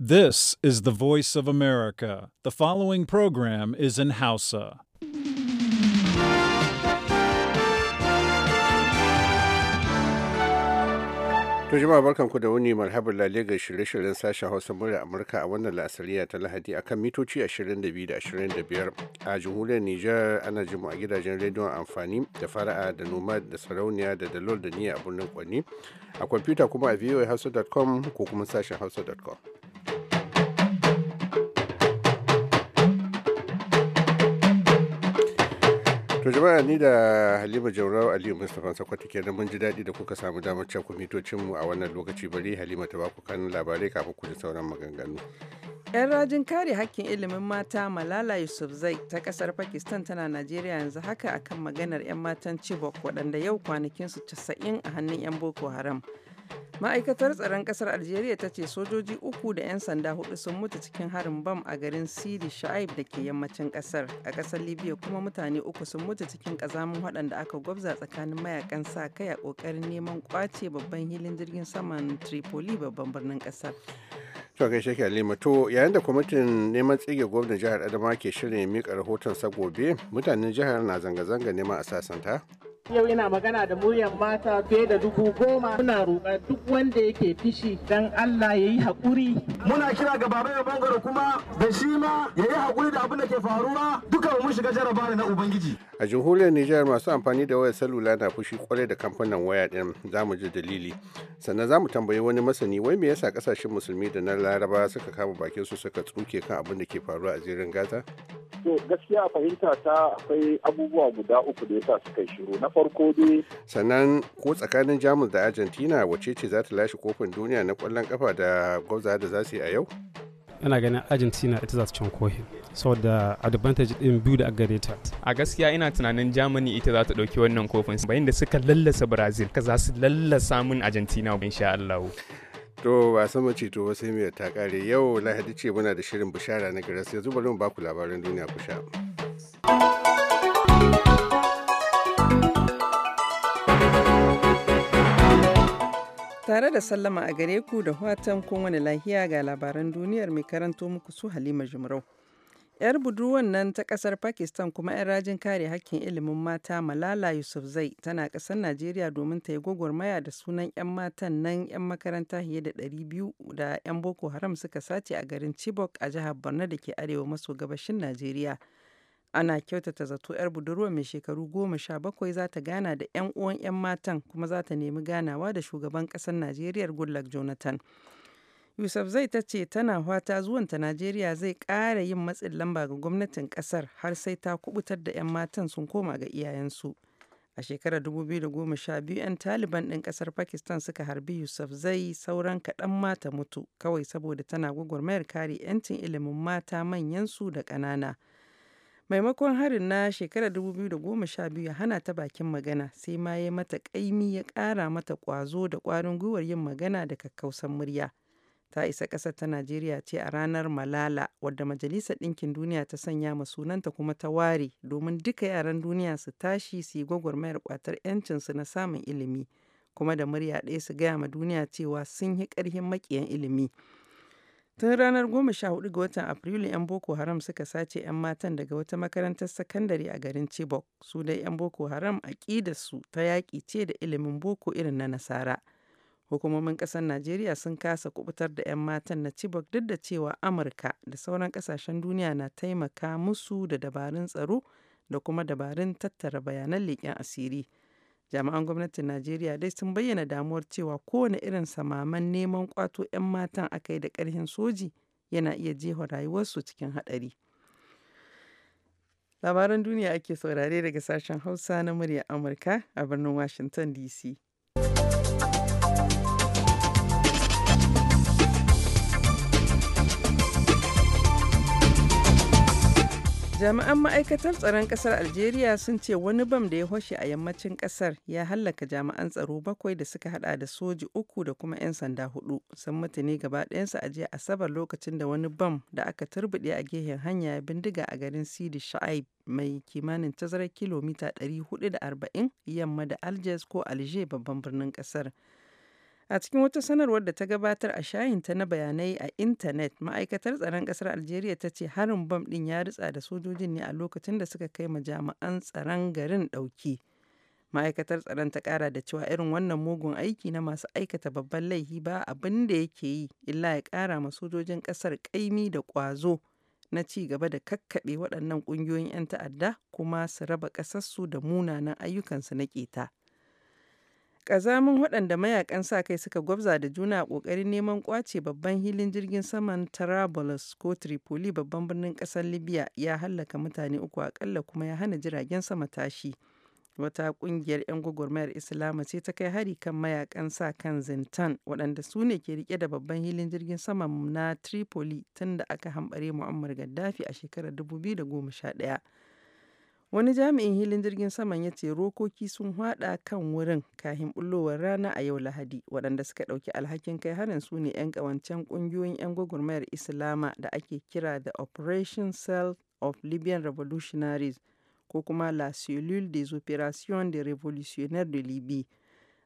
This is the voice of America. The following program is in Hausa. To jama'a ku da wuni marhabar lalle ga shirye-shiryen sashen Hausa murya Amurka a wannan la'asariya ta Lahadi akan mitoci 22 da 25 a jamhuriyar Nijar ana jimu a gidajen rediyon amfani da fara'a da noma da sarauniya da dalol da niyya a birnin Kwani a kwamfuta kuma a voahausa.com ko kuma sashen hausa.com. To jama'a ni da Halima Jaurau Aliyu Mustapha Sakwati kenan mun ji daɗi da kuka samu damar cewa mitocin mu a wannan lokaci bari Halima ta baku kan labarai kafin ku da sauran maganganu. Yan rajin kare hakkin ilimin mata Malala yusuf Yusufzai ta kasar Pakistan tana Najeriya yanzu haka akan maganar 'yan matan Chibok waɗanda yau kwanakin su 90 a hannun 'yan Boko Haram. ma'aikatar tsaron kasar algeria ta ce sojoji uku da 'yan sanda hudu sun mutu cikin harin bam a garin sidi sha'ib da ke yammacin kasar a kasar libya kuma mutane uku sun mutu cikin kazamin waɗanda aka gwabza tsakanin mayakan sa kai a ƙoƙarin neman kwace babban hilin jirgin saman tripoli babban birnin kasar to gaishe ke halima to yayin da kwamitin neman tsige gwamnan jihar adama ke shirin mika rahoton sa gobe mutanen jihar na zanga-zanga neman a sasanta yau yana magana da muryar mata fiye da dubu goma muna roƙa duk wanda yake fishi dan Allah ya yi haƙuri. Muna kira ga baba ya bangare kuma da shi ma ya yi haƙuri da abin da ke faruwa duka mun shiga jaraba na Ubangiji. A jihuriyar Nijar masu amfani da wayar salula na fushi kwarai da kamfanin waya din za mu ji dalili. Sannan za mu tambayi wani masani wai me yasa kasashen musulmi da na laraba suka kama bakin su suka tsuke kan abin da ke faruwa a zirin Gaza? To gaskiya fahimta ta akwai abubuwa guda uku da yasa suka shiru. Na farko dai sannan ko tsakanin jamus da argentina wace ce za ta lashe kofin duniya na kwallon kafa da gwabza da za su yi a yau ina ganin argentina ita za su can kohin saboda advantage din biyu da gare ta a gaskiya ina tunanin germany ita za ta dauki wannan kofin bayan da suka lallasa brazil ka za su lallasa mun argentina insha Allah to ba sama ce to wasu mai ta kare yau lahadi ce muna da shirin bishara na garas yanzu bari mu ba ku labaran duniya ku sha Tare da sallama a gare ku da watan kun wani lahiya ga labaran duniyar mai karanto muku su Halima Jumrau. 'Yar budurwan nan ta kasar Pakistan kuma 'yan rajin kare hakkin ilimin mata Malala yusuf zai tana kasar Najeriya domin ta yi gwagwarmaya da sunan 'yan matan nan 'yan makaranta fiye da 200 da 'yan Boko Haram suka sace a garin Chibok a jihar Borno da ke arewa maso gabashin Najeriya. Ana kyautata zato 'yar budurwa mai shekaru goma sha bakwai za ta gana da 'yan uwan 'yan matan kuma za ta nemi ganawa da shugaban kasar Najeriya Goodluck Jonathan. yusuf zai ta ce tana fata zuwanta Najeriya zai ƙara yin matsin lamba ga gwamnatin kasar har sai ta kubutar da 'yan matan sun koma ga iyayensu. A shekarar 2012 'yan Taliban ɗin ƙasar Pakistan suka harbi yusuf zai sauran kaɗan mata mutu kawai saboda tana gwagwarmayar kare 'yancin ilimin mata manyansu da ƙanana. maimakon harin na shekarar 2012 ya hana ta bakin magana sai ma ya mata kaimi ya kara mata kwazo da kwarin gwiwar yin magana da kakkausan murya ta isa ƙasar ta najeriya ce a ranar malala wadda majalisar ɗinkin duniya ta sanya ma sunanta kuma ta ware domin duka yaran duniya su tashi su yi gwagwarmayar kwatar 'yancinsu na samun ilimi kuma da murya ɗaya su gaya ma duniya cewa sun yi ƙarhin maƙiyan ilimi Tun ranar 14 ga watan Afrilu 'yan Boko Haram suka sace 'yan matan daga wata makarantar sakandare a garin Chibok. Su dai 'yan Boko Haram a su ta yaƙi ce da ilimin boko irin na nasara. Hukumomin ƙasar Najeriya sun kasa kubutar da 'yan matan na Chibok duk da cewa Amurka da sauran ƙasashen duniya na taimaka musu da dabarun tsaro da kuma dabarun tattara bayanan leƙen asiri. Jami'an gwamnatin Najeriya dai sun bayyana damuwar cewa kowane irin samaman neman ƙwato 'yan matan akayi da ƙarhin soji yana iya jefa rayuwarsu cikin haɗari. Labaran duniya ake saurare daga sashen Hausa na muryar Amurka a birnin Washington DC. Jami'an ma'aikatar tsaron kasar Algeria sun ce wani bam da ya hoshe a yammacin kasar ya hallaka jami'an tsaro bakwai da suka hada da soji uku da kuma 'yan sanda hudu sun mutu ne gaba ɗayansu a jiya Asabar lokacin da wani bam da aka turbuɗe a gehen hanya ya bindiga a garin Sidi shaib mai kimanin tazarar kilomita 440 yamma da Algiers ko Alger babban birnin kasar. A cikin wata sanarwar da ta gabatar a ta na bayanai a intanet, ma'aikatar tsaron ƙasar Algeria ta ce harin bam ɗin ya ritsa da sojojin ne a lokacin da suka kai ma jami'an tsaron garin ɗauki. Ma'aikatar tsaron ta ƙara da cewa irin wannan mugun aiki na masu aikata babban laifi ba abin da yake yi, illa ya ƙara ma sojojin ƙasar ƙaimi da ƙwazo na ci gaba da kakkaɓe waɗannan ƙungiyoyin 'yan ta'adda kuma su raba ƙasarsu da munanan ayyukansu na ƙeta. kazamin waɗanda mayakan sa-kai suka gwabza da juna a ƙoƙarin neman kwace babban hilin jirgin saman Trablus ko Tripoli babban birnin ƙasar Libya ya hallaka mutane uku kalla kuma ya hana jiragen sama tashi. Wata ƙungiyar 'yan gwagwarmayar Islama ce ta kai hari kan mayakan sa-kan Zintan waɗanda su ne ke rike da babban hilin jirgin sama na Tripoli tunda aka hambare Muammar Gaddafi a shekarar 2011. Wani jami'in hilin jirgin saman ya ce rokoki sun haɗa kan wurin kahin bullowar rana a yau Lahadi, waɗanda suka ɗauki alhakin kai harin su ne 'yan ƙawancen ƙungiyoyin 'yan gwagwarmayar Islama da ake kira the Operation Cell of Libyan Revolutionaries ko kuma La Cellule des Operations des revolutionnaires de Libye.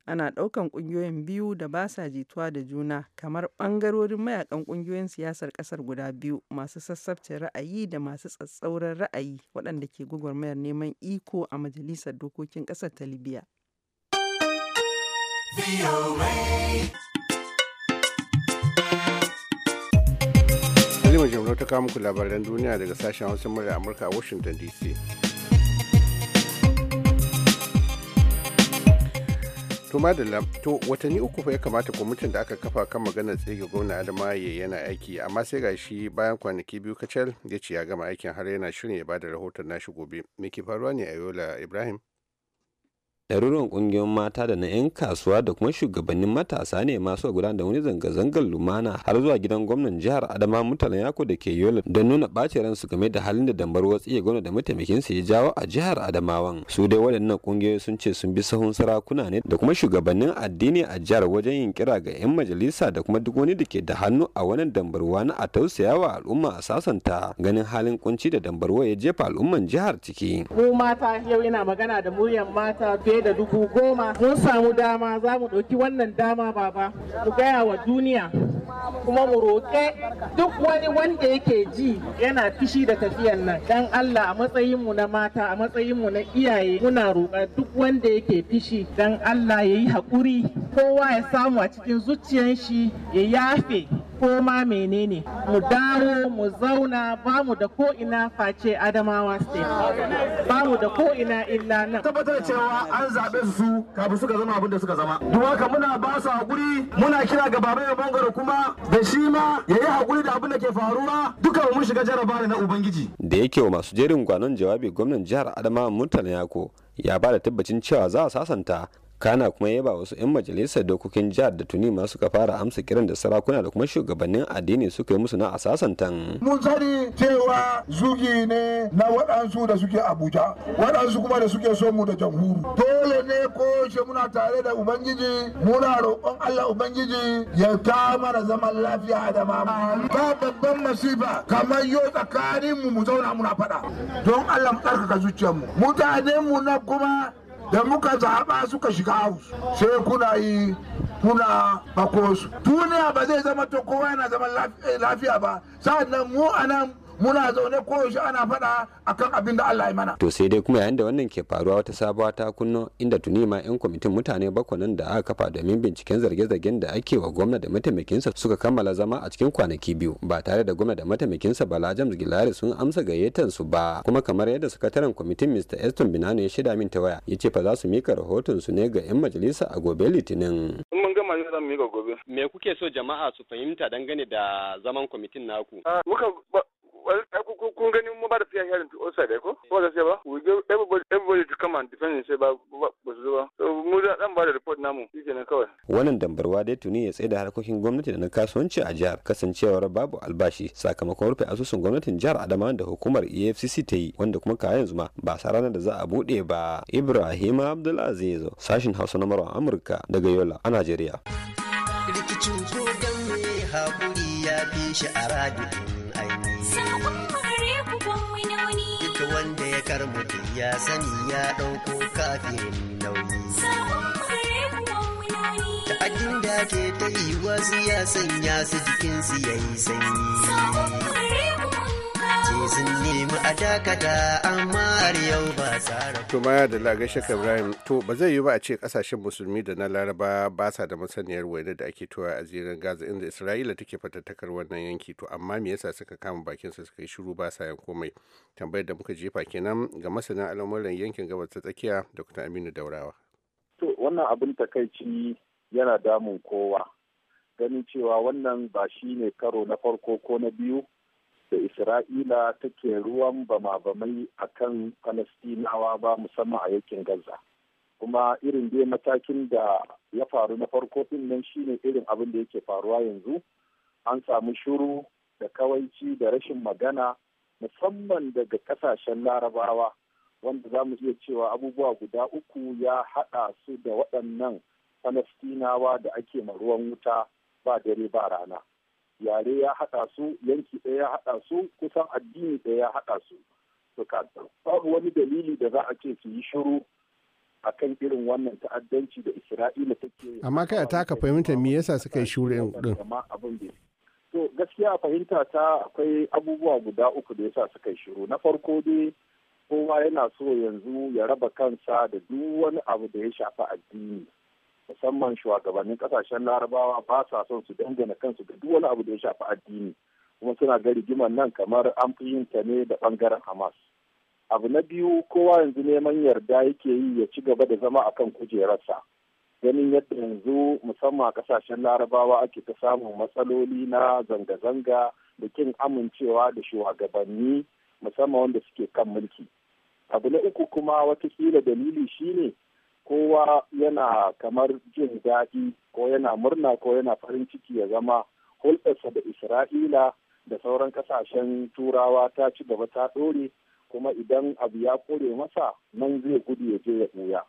Ana ɗaukan ƙungiyoyin biyu da ba sa jituwa da juna kamar ɓangarorin mayakan ƙungiyoyin siyasar ƙasar guda biyu, masu sassafce ra'ayi da masu tsatsauran ra'ayi waɗanda ke gwagwarmayar neman iko a majalisar dokokin ƙasar ta Libya. Halima Jumrau ta kawo muku labaran duniya daga sashen Hausa murya Amurka a Washington DC. to madalla to watanni uku fa ya kamata kwamitin da aka kafa kan maganar tsege gwamna adama ya yana aiki amma sai ga shi bayan kwanaki biyu kacal ya ce ya gama aikin har yana shirin ya bada rahoton nashi gobe mai ke faruwa ne a yola ibrahim ɗaruruwan ƙungiyoyin mata da na 'yan kasuwa da kuma shugabannin matasa ne masu gudanar da wani zanga-zangar lumana har zuwa gidan gwamnan jihar adama mutanen yako da ke yola don nuna ɓace ransu game da halin da dambar wasu ya gwamna da mataimakinsa ya jawo a jihar adamawan su dai waɗannan ƙungiyoyi sun ce sun bi sahun sarakuna ne da kuma shugabannin addini a jihar wajen yin kira ga 'yan majalisa da kuma duk wani da ke da hannu a wannan dambarwa na a tausaya wa al'umma a sasanta ganin halin kunci da dambarwa ya jefa al'umman jihar ciki. mu mata yau ina magana da muryan mata fiye da dubu goma mun samu dama za mu ɗauki wannan dama baba mu gaya wa duniya kuma mu roƙe duk wani wanda yake ji yana fishi da tafiyan nan dan Allah a matsayinmu na mata a matsayinmu na iyaye muna roƙa duk wanda yake fishi dan Allah ya yi haƙuri kowa ya samu a cikin zuciyar shi ya yafe Koma menene mu dawo mu zauna ba mu da ko ina face adamawa state ba mu da ko ina illa nan tabbatar cewa an zaɓe su kafin suka zama abin da suka zama don muna ba su hakuri muna kira ga baba ya bangare kuma da shi ma ya yi hakuri da abin da ke faruwa duka mun shiga jaraba na ubangiji da yake wa masu jerin gwanon jawabi gwamnan jihar adamawa murtala yako ya ba da tabbacin cewa za a sasanta kana kuma yaba wasu 'yan majalisar dokokin jihar da tuni ma suka fara amsa kiran da sarakuna da kuma shugabannin addini suka yi musu na asasantan. mun sani cewa zugi ne na waɗansu da suke abuja waɗansu kuma da suke so mu da jamhuru dole ne ko she muna tare da ubangiji muna roƙon allah ubangiji ya mara zaman lafiya da mama ta babban masifa kamar yau tsakanin mu mu zauna muna faɗa don allah mu tsarkaka zuciyarmu mutanen mu na kuma da muka zaɓa suka shiga house sai kuna yi kuna bako su duniya ba zai zama to kowa yana zaman eh, lafiya ba sa'annan mu anan muna zaune koyaushe ana faɗa akan abin da Allah ya mana. To sai dai kuma yayin da wannan ke faruwa wata sabuwa ta kunno inda tuni ma 'yan kwamitin mutane bakwai nan da aka kafa domin binciken zarge-zargen da ake wa gwamna da mataimakinsa suka kammala zama a cikin kwanaki biyu ba tare da gwamna da mataimakin sa Bala James Gilari sun amsa gayyatan su ba kuma kamar yadda sakataren kwamitin Mr. Eston Binano ya shida min ta waya ya ce fa za su mika rahoton su ne ga 'yan majalisa a gobe Litinin. mun gama Me kuke so jama'a su fahimta dangane da zaman kwamitin naku? Ah, muka Uh, kun gani mun ba da fiya yarin to outside ko ko da sai ba we give everybody everybody to come and defend himself ba ba su ba so mu da dan ba da report namu shikenan kawai wannan dambarwa dai tuni ya tsaye da harkokin gwamnati da na kasuwanci a jihar kasancewar babu albashi sakamakon rufe asusun gwamnatin jihar Adamawa da hukumar EFCC ta yi wanda kuma kayan zuma ba sa ranar da za a bude ba Ibrahim Abdulaziz sashin Hausa na Amurka daga Yola a Najeriya rikicin ko dan me ya fi shi a radu ainihi. sani ya ɗauko kafin nauyi ta'addin da ke ta yi wasu ya sanya su jikinsu ya yi sanyi sun nemi a dakata amma har yau ba To baya da lagashe Ibrahim to ba zai yi ba a ce kasashen musulmi da na laraba ba sa da masaniyar waina da ake tuwa a zirin Gaza inda Isra'ila take fatattakar wannan yanki to amma me yasa suka kama bakin su suka yi shiru ba sa yan komai tambayar da muka jefa kenan ga masana al'amuran yankin gabas ta tsakiya Dr. Aminu Daurawa. To wannan abin takaici yana damun kowa ganin cewa wannan ba shi ne karo na farko ko na biyu da isra'ila take ruwan bama-bamai a kan falastinawa ba musamman a yankin gaza kuma irin dai matakin da ya faru na farko din nan shine irin abin da yake faruwa yanzu an samu shuru da kawaici da rashin magana musamman daga kasashen larabawa wanda za mu iya cewa abubuwa guda uku ya haɗa su da waɗannan falastinawa da ake ma ruwan wuta ba dare ba rana yare ya haɗa su yanki ɗaya ya haɗa su kusan addini ɗaya ya haɗa su babu wani dalili da za a ce su yi shiru a kan irin wannan ta'addanci da isra'ila take amma kai a taka fahimta me yasa suka yi shiru ɗin to gaskiya fahimta ta akwai abubuwa guda uku da yasa suka yi shiru na farko dai kowa yana so yanzu ya raba kansa da duk wani abu da ya shafi addini musamman shugabannin kasashen larabawa ba sa son su dangana kansu da duk wani abu da ya shafi addini kuma suna ga rigimar nan kamar an fi yin ta ne da bangaren hamas abu na biyu kowa yanzu neman yarda yake yi ya ci gaba da zama akan kujerarsa ganin yadda yanzu musamman a kasashen larabawa ake ta samun matsaloli na zanga-zanga da kin amincewa da shugabanni musamman wanda suke kan mulki abu na uku kuma watakila dalili shine kowa yana kamar jin daɗi ko yana murna ko yana farin ciki ya zama hulɗarsa da isra'ila da sauran ƙasashen turawa ta ci gaba ta ɗore kuma idan abu ya kore masa nan zai gudu ya je ya ɓuya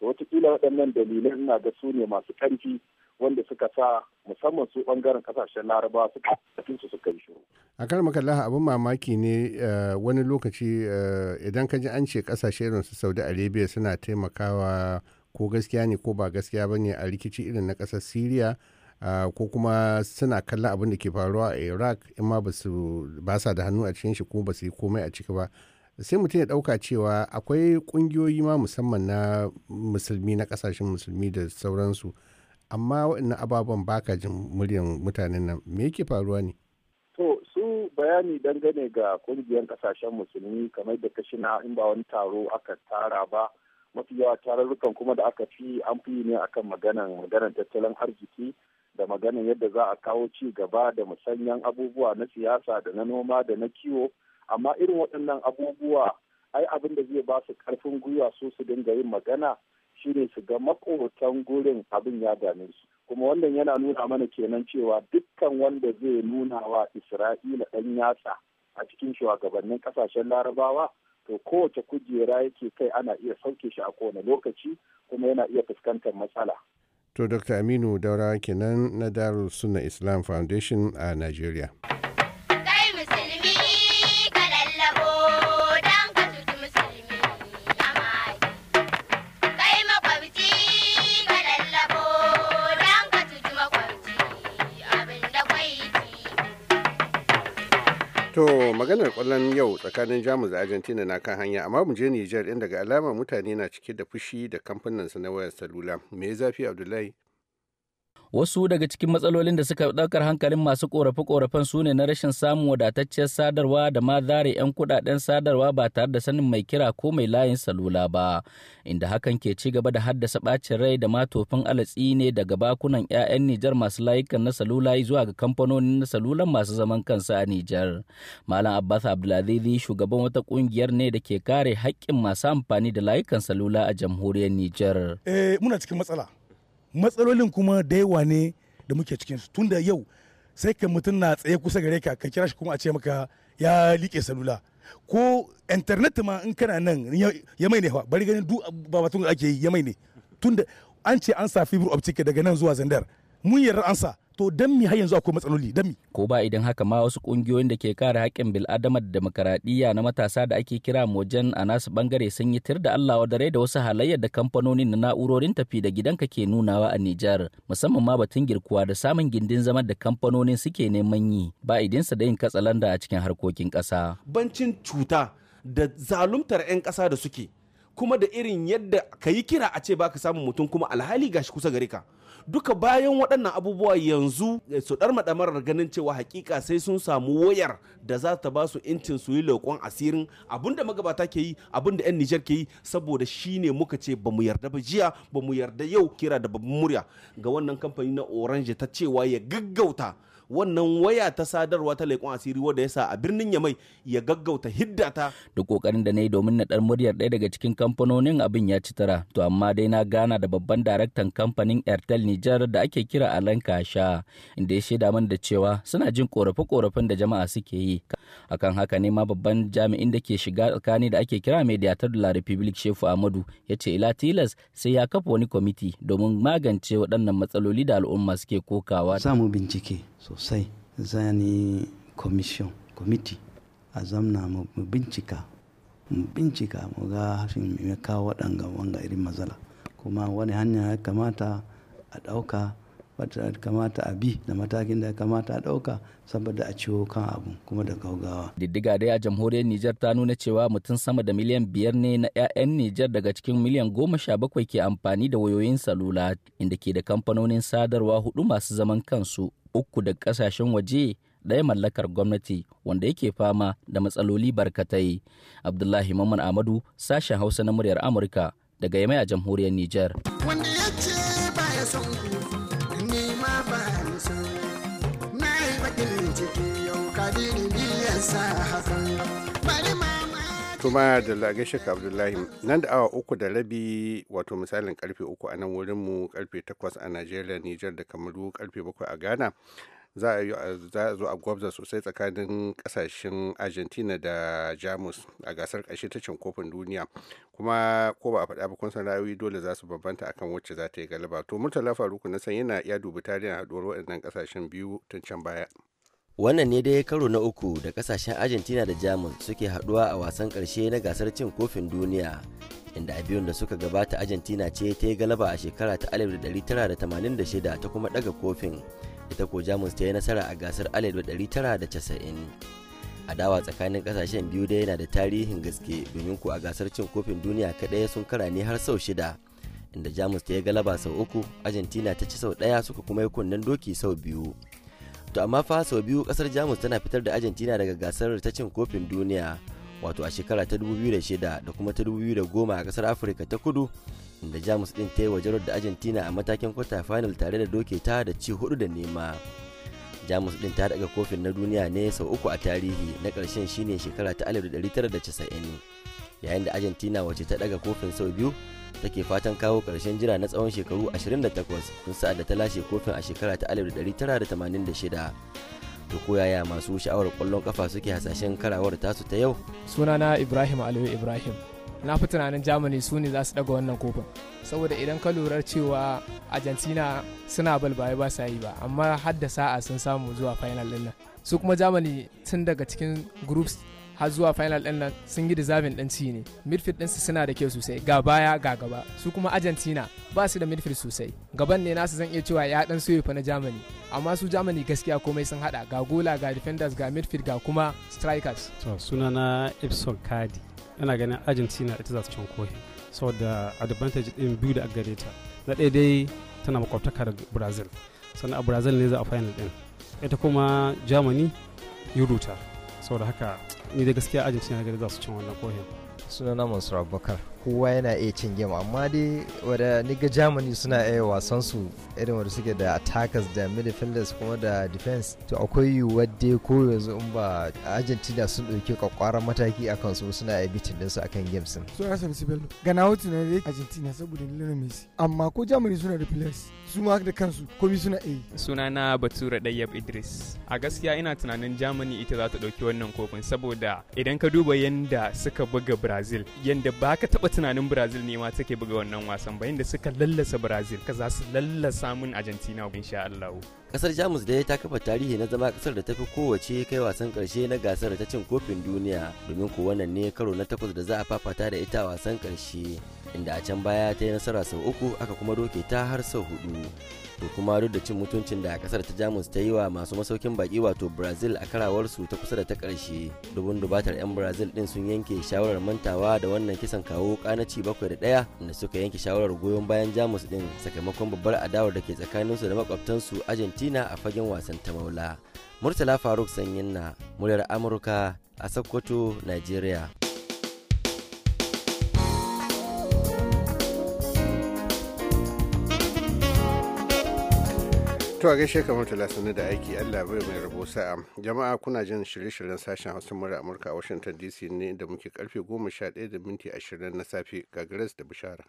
wataƙila waɗannan dalilai ina ga su ne masu ƙarfi wanda suka sa musamman su ɓangaren ƙasashen larabawa suka su suka yi a kan makalla abin mamaki ne eh, wani lokaci eh, idan ka ji an ce kasashe irin su saudi arabia suna taimakawa ko gaskiya ne ko ba gaskiya ba ne a rikici irin na kasar syria ah, ko kuma suna kallon abin da ke faruwa a iraq in ma ba sa da hannu a cikin shi ko ba su yi komai a ciki ba sai mutum ya dauka cewa akwai kungiyoyi ma musamman na musulmi na kasashen musulmi da sauransu amma waɗannan ababen baka jin muryan mutanen nan me yake faruwa ne bayani dangane ga kungiyar kasashen musulmi kamar da na in ba wani taro aka tara ba mafi yawa tararrukan kuma da aka fi an fi ne akan maganan maganan tattalin arziki da maganan yadda za a kawo ci gaba da musanyan abubuwa na siyasa da na noma da na kiwo amma irin waɗannan abubuwa ai abin da zai ba su ƙarfin gwiwa su su dinga yin magana shine su ga maƙotan gurin abin ya dame su kuma wannan yana nuna mana kenan cewa dukkan wanda zai nuna wa isra'ila ɗan yatsa a cikin shugabannin ƙasashen larabawa to kowace kujera yake kai ana iya sauke shi a kowane lokaci kuma yana iya fuskantar matsala to dr aminu daura kenan na darul sunna islam foundation a nigeria maganar kwallon yau tsakanin jamus da argentina na kan hanya amma mu je nijar inda ga alama mutane na cike da fushi da kamfanin na wayar salula me zafi abdullahi Wasu daga cikin matsalolin da suka ɗaukar hankalin masu ƙorafe-ƙorafen su ne na rashin samun wadatacciyar sadarwa da ma zare 'yan kuɗaɗen sadarwa ba tare da sanin mai kira ko mai layin salula ba, inda hakan ke ci gaba da haddasa ɓacin rai da ma tofin alatsi ne daga bakunan 'ya'yan Nijar masu layukan na salula zuwa ga kamfanonin na salulan masu zaman kansu a Nijar. Malam Abbas Abdulazizi shugaban wata ƙungiyar ne da ke kare haƙƙin masu amfani da layukan salula a jamhuriyar Nijar. Eh, muna cikin matsala. matsalolin kuma da yawa ne da muke cikin su tunda yau sai ka mutum na tsaye kusa gare ka ka kira shi kuma a ce maka ya liƙe salula ko internet ma in kana nan ya mai ne ba bari ganin duk babatun ake yi ya mai ne tunda an ce an sa fibro optic daga nan zuwa zandar mun yarda an sa to dan mi har yanzu akwai matsaloli dan mi ko ba idan haka ma wasu kungiyoyin da ke kare haƙƙin bil'adama da demokaradiyya na matasa da ake kira mojan a nasu bangare sun yi tir da Allah wadare da wasu halayyar da kamfanonin na na'urorin tafi da gidanka ke nunawa a Nijar musamman ma batun girkuwa da samun gindin zamar da kamfanonin suke neman yi ba sa da yin katsalanda a cikin harkokin ƙasa bancin cuta da zaluntar 'yan ƙasa da suke kuma da irin yadda ka yi kira a ce ba ka samun mutum kuma alhali gashi kusa gare ka duka bayan waɗannan abubuwa yanzu eh, su ɗar maɗamarar ganin cewa hakika sai sun samu wayar da za ta ba su incin su yi leƙon asirin da magabata ke yi da 'yan Nijar ke yi saboda shi ne muka ce ba mu yarda ba jiya ba mu yarda yau kira da babban murya ga wannan kamfani na Orange ta cewa ya gaggauta wannan waya ta sadarwa ta leƙon asiri wadda ya sa a birnin yamai ya gaggauta hidda ta. da kokarin da na yi domin na naɗar muryar ɗaya daga cikin kamfanonin abin ya ci tara to amma dai na gana da babban daraktan kamfanin airtel nijar da ake kira alan sha inda ya shaida min da cewa suna jin korafe-korafen da jama'a suke yi akan haka ne ma babban jami'in da ke shiga tsakani da ake kira mediator de la republic shefu amadu ya ce ila tilas sai ya kafa wani kwamiti domin magance waɗannan matsaloli da al'umma suke kokawa samu bincike sosai zani commission committee a zamna mu bincika mu bincika mu ga harshen mai kawo waɗanga wanga irin mazala kuma wani hanya ya kamata a ɗauka wata ya kamata a bi da matakin da ya kamata a ɗauka saboda a ciwo kan abu kuma da gaugawa. Diddiga dai a jamhuriyar Nijar ta nuna cewa mutum sama da miliyan biyar ne na 'ya'yan Nijar daga cikin miliyan goma sha bakwai ke amfani da wayoyin salula inda ke da kamfanonin sadarwa hudu masu zaman kansu uku da kasashen waje ɗaya mallakar gwamnati wanda yake fama da matsaloli barkatai. Abdullahi Mamman Amadu sashen Hausa na muryar Amurka daga Yamai a jamhuriyar Nijar. Thank ya to da gaishe ka abdullahi nan da awa uku da rabi wato misalin karfe uku a nan wurinmu karfe takwas a nigeria niger da kamaru karfe bakwai a ghana za a zo a gwabza sosai tsakanin kasashen argentina da jamus a gasar ƙarshe ta cin kofin duniya kuma ko ba a faɗa ba kun san ra'ayoyi dole za su bambanta akan wacce za ta yi galaba to murtala faruku na san yana iya dubi tarihin haɗuwar waɗannan ƙasashen biyu tun can baya wannan ne dai karo na uku da kasashen argentina da jamus suke haduwa a wasan karshe na gasar cin kofin duniya inda a biyun da suka gabata argentina ce ta yi galaba a shekara ta 1986 ta kuma daga kofin ita ko jamus ta yi nasara a gasar 1990 adawa tsakanin kasashen biyu dai yana da tarihin gaske domin ko a gasar cin kofin duniya kaɗai sun kara ne har sau shida inda jamus ta yi galaba sau uku argentina ta ci sau ɗaya suka kuma yi kunnen doki sau biyu to amma fa sau biyu kasar jamus tana fitar da argentina daga gasar ta cin kofin duniya wato a shekara ta 2006 da kuma ta 2010 a kasar afirka ta kudu inda jamus din ta yi wajarar da argentina a matakin kwata final tare da doke ta da ci hudu da nema jamus din ta daga kofin na duniya ne sau uku a tarihi na karshen shine shekara ta 1990 yayin da argentina wacce ta daga kofin sau biyu ta ke fatan kawo karshen jira na tsawon shekaru 28 tun sa'ad da ta lashe kofin a shekara ta 1986 to koyaya masu sha'awar kwallon kafa suke hasashen karawar tasu ta yau sunana ibrahim aliyu ibrahim na fi tunanin germany su ne za su daga wannan kofin saboda idan ka lura cewa argentina suna balbaye ba sa yi ba amma har da sa'a sun samu zuwa final din nan su kuma germany tun daga cikin groups har zuwa final din nan sun yi deserving din ci ne midfield ɗinsu suna da kyau sosai ga baya ga gaba su kuma argentina ba su da midfield sosai gaban ne nasu zan iya cewa ya dan soye na germany amma su germany gaskiya komai sun hada ga gola ga defenders ga midfield ga kuma strikers to sunana ipson kadi ina ganin argentina ita za su cin kohi saboda advantage din biyu da a gare ta na ɗaya dai tana makwabtaka da brazil sannan a brazil ne za a final ɗin ita kuma germany yuruta saboda haka ni da gaskiya ajax yana gari za su cin wannan kohin sunana mansur abubakar kowa yana iya cin game amma dai wadda niga germany suna iya wasan su irin wadda suke da attackers da midfielders kuma da defense to akwai yiwuwar dai ko yanzu in ba argentina sun ɗauki kwakwaran mataki a kansu suna iya bitin su akan games so yasa misi sibello gana hutu na dai argentina saboda lionel messi amma ko germany suna da players su ma da kansu komi suna iya suna na bature ɗayyab idris a gaskiya ina tunanin germany ita za ta ɗauki wannan kofin saboda idan ka duba yanda suka buga brazil yanda ba ka taɓa tunanin brazil ne ma take buga wannan wasan bayan da suka lallasa brazil ka za su lallasa mun argentina insha allah kasar jamus dai ta kafa tarihi na zama kasar da ta fi kowace kai wasan karshe na gasar ta cin kofin duniya domin ko wannan ne karo na takwas da za a fafata da ita wasan karshe inda a can baya ta yi nasara sau uku aka kuma doke ta har sau hudu to kuma duk da cin mutuncin da kasar ta jamus ta yi wa masu masaukin baki wato brazil a karawarsu ta kusa da ta karshe dubun dubatar 'yan brazil din sun yanke shawarar mantawa da wannan kisan kawo kanaci bakwai da ɗaya, da suka yanke shawarar goyon bayan jamus din sakamakon babbar adawar da ke tsakaninsu da makwabtansu argentina a fagen wasan ta maula murtala faruk sanyin na muryar amurka a sokoto nigeria To a gaishe kamar talasani da aiki Allah bai mai rabo sa'a. Jama'a kuna jin shirye-shiryen sashen Hausa mura Amurka a Washington DC ne da muke karfe ɗaya da minti ashirin na safe ga Grace da Bishara.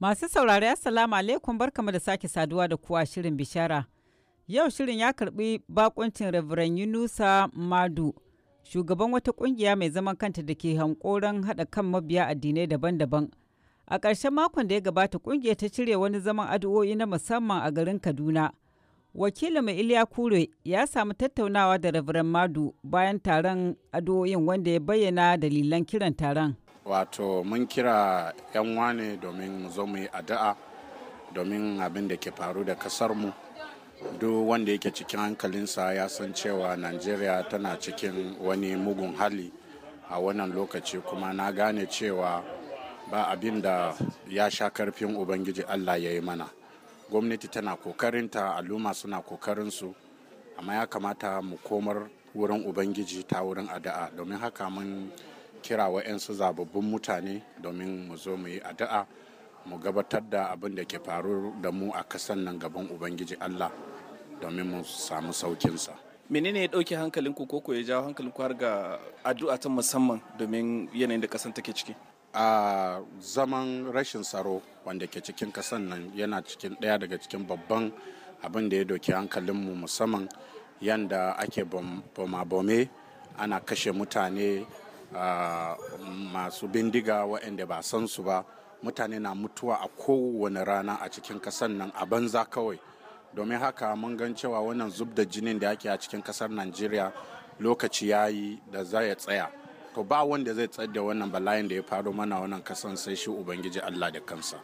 Masu saurari Assalamu alaikum barkamu da sake saduwa da kuwa shirin bishara. Yau shirin ya karbi bakuncin Reverend Yunusa Madu, shugaban wata kungiya mai zaman kanta da ke hankoron haɗa kan mabiya addinai daban-daban. A ƙarshen makon da ya gabata kungiya ta cire wani zaman addu'o'i na musamman a garin Kaduna. Wakilin mai Iliya Kure ya samu tattaunawa da Reverend Madu bayan taron addu'o'in wanda ya bayyana dalilan kiran taron. wato mun kira 'yan wane domin mu zo mu yi addu'a domin abin da ke faru da kasarmu duk wanda yake cikin hankalinsa ya san cewa najeriya tana cikin wani mugun hali a wannan lokaci kuma na gane cewa ba abin da ya sha karfin ubangiji allah ya yi mana gwamnati tana kokarinta al'umma suna kokarinsu amma ya kamata mu komar wurin ubangiji ta wurin addu'a domin haka mun kira wa 'yansu zababbun mutane domin mu zo mu yi addu'a mu gabatar da abin da ke faru da mu a kasan nan gaban ubangiji allah domin mu samu saukinsa menene ya ɗauke hankalinku ko ko ya jawo hankalinku har ga addu'a ta musamman domin yanayin da kasan take ciki a zaman rashin tsaro wanda ke cikin kasan nan yana cikin ɗaya daga cikin babban abin da ya hankalin hankalinmu musamman yanda ake bama ana kashe mutane Ah, masu bindiga waɗanda ba san su ba mutane na mutuwa a kowane rana a cikin ƙasar nan a banza kawai domin haka mun gan cewa wannan zub da jinin da ake a cikin ƙasar najeriya lokaci ya yi da za ya tsaya to ba wanda zai tsayar da wannan bala'in da ya faru mana wannan kasan sai shi ubangiji allah da kansa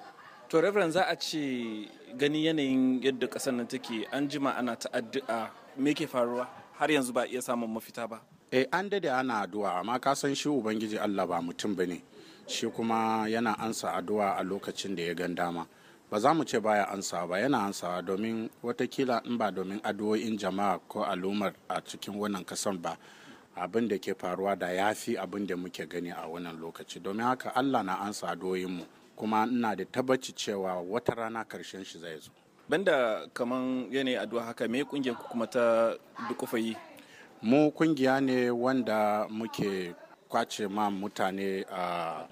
to reverend za a ce gani yanayin yadda ƙasar nan take an jima ana ta addu'a me ke faruwa har yanzu ba iya samun mafita ba eh an dade ana addu'a amma ka san shi ubangiji Allah ba mutum bane shi kuma yana ansa addu'a a lokacin da ya gan dama ba za mu ce baya ansa ba yana ansawa domin watakila in ba domin addu'o'in jama'a ko al'ummar a cikin wannan kasan ba abin da ke faruwa da ya fi abin da muke gani a wannan lokaci domin haka allah na ansa addu'o'inmu kuma ina da tabbaci cewa wata rana karshen shi zai zo banda kaman yanayi addu'a haka me kungiyar kuma ta dukufa yi mu kungiya ne wanda muke kwace ma mutane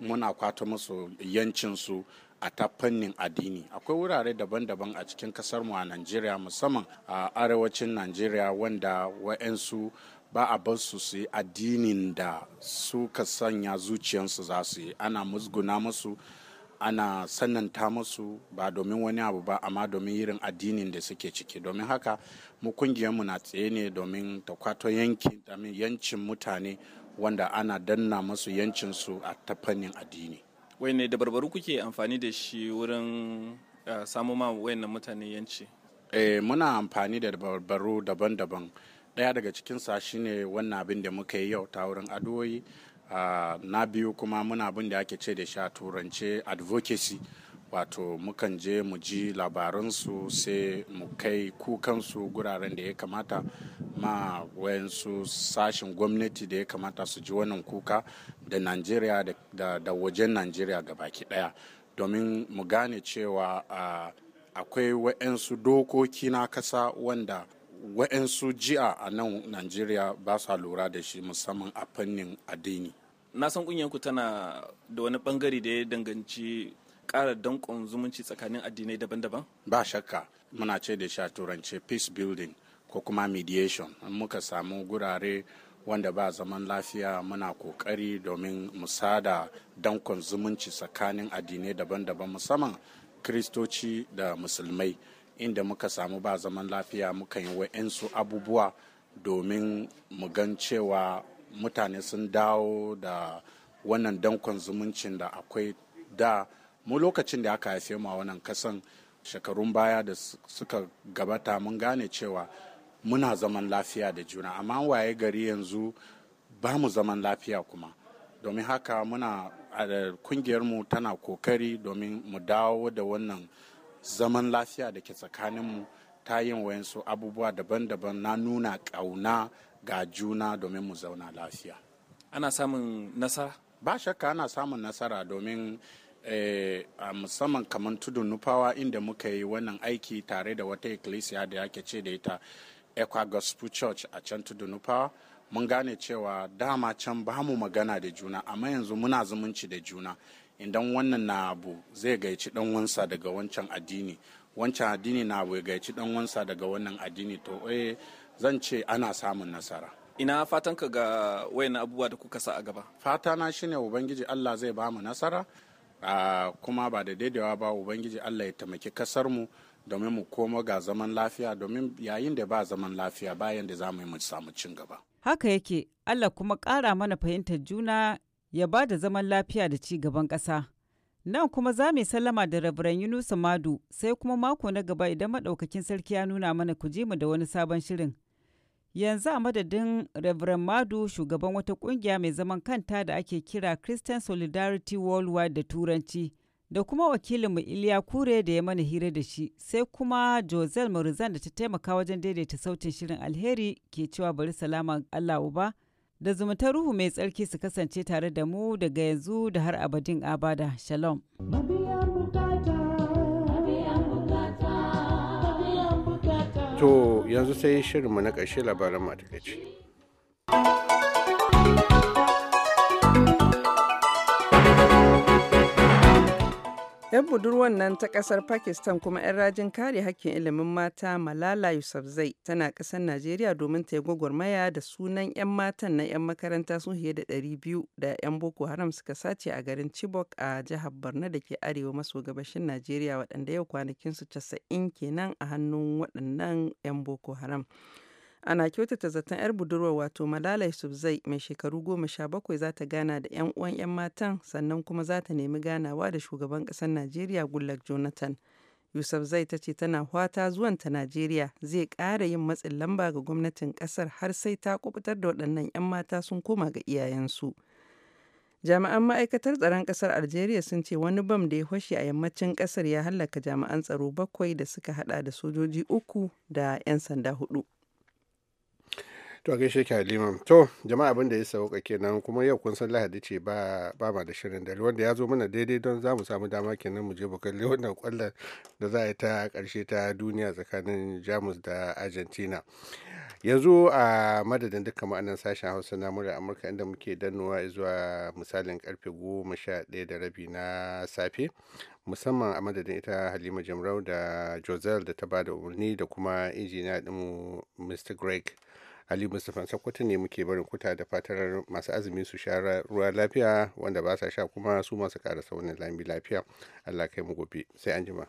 muna kwato musu yancinsu a ta fannin addini akwai wurare daban-daban a cikin kasar mu a najeriya musamman a arewacin najeriya wanda wa'yansu ba a bar su su addinin da suka sanya zuciyarsu za su yi ana musguna musu ana sananta musu ba domin wani abu ba amma domin irin addinin da suke ciki domin haka mu kungiyarmu na tsaye ne domin ta kwato yancin mutane wanda ana danna musu yancinsu a ta fannin addini wai ne da kuke amfani da shi wurin eh, samu ma wayannan mutane yanci eh muna amfani da barbaru daban-daban daya daga cikinsa shine wannan abin da muka yi yau ta wurin adoyi Ah, na biyu kuma muna abin da ake ce da shi a turance advocacy wato mukan je mu ji labaransu sai mu kai kukansu guraren da ya kamata ma wayansu sashen gwamnati da ya kamata su ji wannan kuka da najeriya da, wajen najeriya baki daya domin mu gane cewa ah, akwai wayansu dokoki na kasa wanda wayansu ji'a a nan najeriya ba sa lura da shi musamman a fannin addini na san ku tana da wani bangare da ya danganci ƙara danƙon zumunci tsakanin addinai daban-daban? Ba shakka muna ce da sha turance peace building ko kuma mediation muka samu gurare wanda ba zaman lafiya muna kokari domin musada dankon zumunci tsakanin addinai daban-daban musamman kristoci da musulmai inda muka samu ba zaman lafiya muka yi wa'yansu abubuwa domin mu gan cewa mutane sun dawo da wannan dankon zumuncin da akwai da mu lokacin da aka haife mu a wannan kasan shekarun baya da suka gabata mun gane cewa muna zaman lafiya da juna amma waye gari yanzu ba mu zaman lafiya kuma domin haka muna mu tana kokari domin mu dawo da wannan zaman lafiya da ke tsakaninmu ta yin wayansu abubuwa daban-daban na nuna ƙauna ga juna domin mu zauna lafiya ana samun nasara ba shakka ana samun nasara domin eh, a musamman kamar tudun nufawa inda muka yi wannan aiki tare da wata ikkilisiya da yake ce da ita ekwa gospel church a can tudun nufawa mun gane cewa dama can ba mu magana da juna amma yanzu muna zumunci da juna idan wannan na abu zai gaici dan wansa daga wancan addini wancan addini na abu ya gaici dan wansa daga wannan addini to eh zan ce ana samun nasara ina fatan ka ga wayan abubuwa da kuka sa a gaba fatana na shine ubangiji Allah zai ba mu nasara kuma ba da daidaiwa ba ubangiji Allah ya taimaki kasar mu domin mu koma ga zaman lafiya domin yayin da ba zaman lafiya bayan da za mu yi mu samu cin gaba haka yake Allah kuma ƙara mana fahimtar juna ya ba da zaman lafiya da ci gaban ƙasa. Nan kuma za mu sallama da Rabiran Yunusa Madu sai kuma mako na gaba idan maɗaukakin sarki ya nuna mana ku je mu da wani sabon shirin. yanzu a madadin Reverend Madu shugaban wata kungiya mai zaman kanta da ake kira Christian Solidarity Worldwide da Turanci da kuma wakilinmu Iliya Kure da ya mana hira da shi sai kuma Josel Marizan da ta taimaka wajen daidaita sautin shirin alheri ke cewa bari salama Allah uba da zumunta ruhu mai tsarki su kasance tare da mu daga yanzu da har abadin abada. Shalom. to yanzu sai shirin shirinmu na ƙarshe labaran matakaici. 'Yan budurwan nan ta kasar Pakistan kuma 'yan rajin kare hakkin ilimin mata Malala Yousafzai tana kasar Najeriya domin ta yi gwagwarmaya da sunan 'yan matan na 'yan makaranta sun fiye da 200 da 'yan Boko Haram suka sace a garin Chibok a jihar Borno da ke arewa maso gabashin Najeriya waɗanda yau kwanakin su 90 kenan a hannun waɗannan 'yan Boko Haram. Ana kyautata zaton 'yar budurwar wato Malala zai mai shekaru goma sha bakwai za ta gana da 'yan uwan 'yan matan sannan kuma za ta nemi ganawa da shugaban ƙasar Najeriya gullak Jonathan. zai ta ce tana hwata ta Najeriya zai ƙara yin matsin lamba ga gwamnatin ƙasar har sai ta kubutar da waɗannan 'yan mata sun koma ga iyayensu. Jami'an ma'aikatar tsaron ƙasar Algeria sun ce wani bam da ya fashe a yammacin ƙasar ya hallaka jami'an tsaro bakwai da suka hada da sojoji uku da 'yan sanda hudu. to gaishe ka halima to jama'a abin da ya sauka kenan kuma yau kun san lahadi ce ba ba ma da shirin dare wanda ya zo mana daidai don za mu samu dama kenan mu je mu kalli wannan kwallon da za a yi ta karshe ta duniya tsakanin jamus da argentina yanzu a madadin dukkan ma'anar sashen hausa na murar amurka inda muke dannuwa zuwa misalin karfe goma sha ɗaya da rabi na safe musamman a madadin ita halima jamrau da jozel da ta bada umarni da kuma injiniya ɗinmu mr greg Ali Mustapha Sokoto ne muke barin kuta da fatar masu azumi su share ruwa lafiya wanda ba sa sha kuma su masu ƙara saunin lami lafiya. Allah kai mu gobe sai an jima.